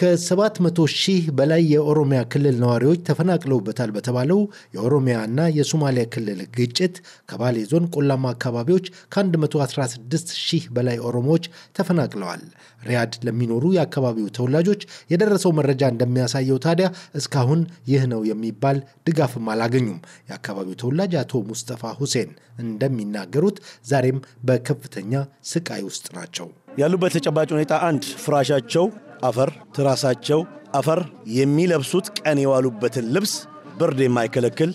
ከ700 ሺህ በላይ የኦሮሚያ ክልል ነዋሪዎች ተፈናቅለውበታል በተባለው የኦሮሚያ እና የሶማሊያ ክልል ግጭት ከባሌ ዞን ቆላማ አካባቢዎች ከ116 ሺህ በላይ ኦሮሞዎች ተፈናቅለዋል። ሪያድ ለሚኖሩ የአካባቢው ተወላጆች የደረሰው መረጃ እንደሚያሳየው ታዲያ እስካሁን ይህ ነው የሚባል ድጋፍም አላገኙም። የአካባቢው ተወላጅ አቶ ሙስጠፋ ሁሴን እንደሚናገሩት ዛሬም በከፍተኛ ስቃይ ውስጥ ናቸው። ያሉበት ተጨባጭ ሁኔታ አንድ ፍራሻቸው አፈር ትራሳቸው አፈር የሚለብሱት ቀን የዋሉበትን ልብስ ብርድ የማይከለክል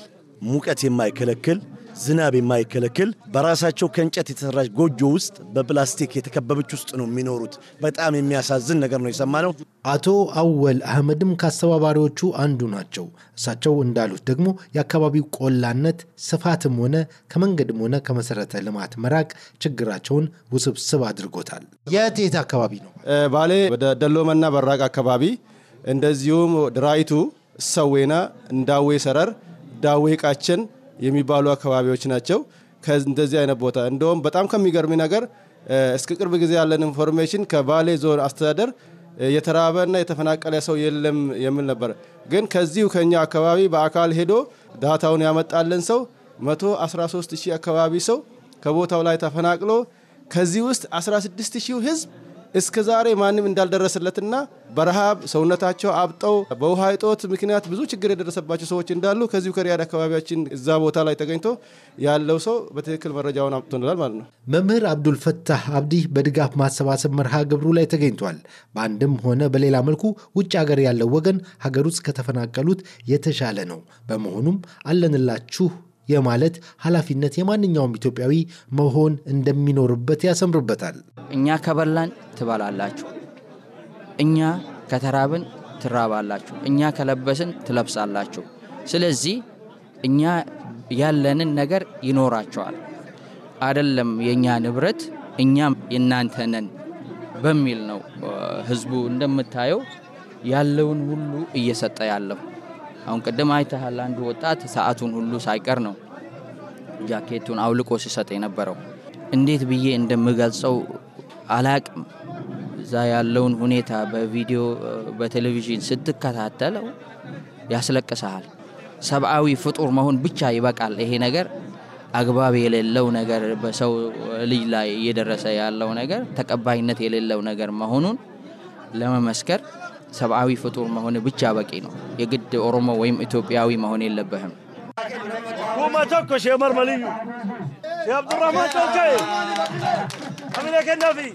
ሙቀት የማይከለክል ዝናብ የማይከለክል በራሳቸው ከእንጨት የተሰራች ጎጆ ውስጥ በፕላስቲክ የተከበበች ውስጥ ነው የሚኖሩት። በጣም የሚያሳዝን ነገር ነው የሰማነው። አቶ አወል አህመድም ከአስተባባሪዎቹ አንዱ ናቸው። እሳቸው እንዳሉት ደግሞ የአካባቢው ቆላነት፣ ስፋትም ሆነ ከመንገድም ሆነ ከመሰረተ ልማት መራቅ ችግራቸውን ውስብስብ አድርጎታል። የት የት አካባቢ ነው? ባሌ ወደ ደሎመና በራቅ አካባቢ እንደዚሁም ድራይቱ፣ ሰዌና፣ እንዳዌ ሰረር፣ ዳዌ ቃችን የሚባሉ አካባቢዎች ናቸው። እንደዚህ አይነት ቦታ እንደውም በጣም ከሚገርሚ ነገር እስከ ቅርብ ጊዜ ያለን ኢንፎርሜሽን ከባሌ ዞን አስተዳደር የተራበና የተፈናቀለ ሰው የለም የሚል ነበር። ግን ከዚሁ ከኛ አካባቢ በአካል ሄዶ ዳታውን ያመጣለን ሰው 113 ሺህ አካባቢ ሰው ከቦታው ላይ ተፈናቅሎ ከዚህ ውስጥ 16 ሺህ ህዝብ እስከ ዛሬ ማንም እንዳልደረሰለትና በረሃብ ሰውነታቸው አብጠው በውሃ እጦት ምክንያት ብዙ ችግር የደረሰባቸው ሰዎች እንዳሉ ከዚሁ ከሪያድ አካባቢያችን እዛ ቦታ ላይ ተገኝቶ ያለው ሰው በትክክል መረጃውን አምጥቶናል ማለት ነው። መምህር አብዱልፈታህ አብዲ በድጋፍ ማሰባሰብ መርሃ ግብሩ ላይ ተገኝቷል። በአንድም ሆነ በሌላ መልኩ ውጭ ሀገር ያለው ወገን ሀገር ውስጥ ከተፈናቀሉት የተሻለ ነው። በመሆኑም አለንላችሁ የማለት ኃላፊነት የማንኛውም ኢትዮጵያዊ መሆን እንደሚኖርበት ያሰምርበታል። እኛ ከበላን ትበላላችሁ፣ እኛ ከተራብን ትራባላችሁ፣ እኛ ከለበስን ትለብሳላችሁ። ስለዚህ እኛ ያለንን ነገር ይኖራቸዋል። አይደለም የእኛ ንብረት እኛም የእናንተ ነን በሚል ነው ህዝቡ እንደምታየው ያለውን ሁሉ እየሰጠ ያለው። አሁን ቅድም አይተሃል። አንዱ ወጣት ሰዓቱን ሁሉ ሳይቀር ነው ጃኬቱን አውልቆ ሲሰጥ የነበረው። እንዴት ብዬ እንደምገልጸው አላቅም። እዛ ያለውን ሁኔታ በቪዲዮ በቴሌቪዥን ስትከታተለው ያስለቅሰሃል። ሰብአዊ ፍጡር መሆን ብቻ ይበቃል። ይሄ ነገር አግባብ የሌለው ነገር፣ በሰው ልጅ ላይ እየደረሰ ያለው ነገር ተቀባይነት የሌለው ነገር መሆኑን ለመመስከር سبعوي فطور ما هون بتشا بكينو يجد أورما ويم إثيوبياوي ما هون إلا بهم هو ما تكش يا مرمليو يا عبد الرحمن تكش أمي لكن نبي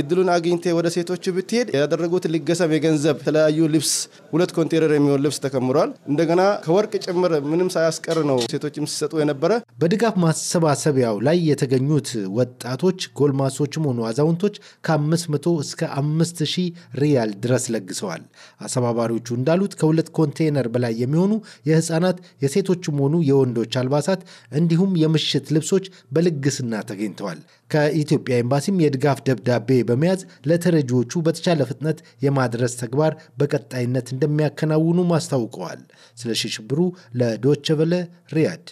እድሉን አግኝቴ ወደ ሴቶቹ ብትሄድ ያደረጉት ልገሰብ የገንዘብ የተለያዩ ልብስ ሁለት ኮንቴነር የሚሆን ልብስ ተከምሯል። እንደገና ከወርቅ ጭምር ምንም ሳያስቀር ነው ሴቶችም ሲሰጡ የነበረ። በድጋፍ ማሰባሰቢያው ላይ የተገኙት ወጣቶች ጎልማሶችም ሆኑ አዛውንቶች ከ500 እስከ 5000 ሪያል ድረስ ለግሰዋል። አሰባባሪዎቹ እንዳሉት ከሁለት ኮንቴነር በላይ የሚሆኑ የህፃናት የሴቶችም ሆኑ የወንዶች አልባሳት እንዲሁም የምሽት ልብሶች በልግስና ተገኝተዋል። ከኢትዮጵያ ኤምባሲም የድጋፍ ደብዳቤ በመያዝ ለተረጂዎቹ በተቻለ ፍጥነት የማድረስ ተግባር በቀጣይነት እንደሚያከናውኑም አስታውቀዋል። ስለሺ ሽብሩ ሪያድ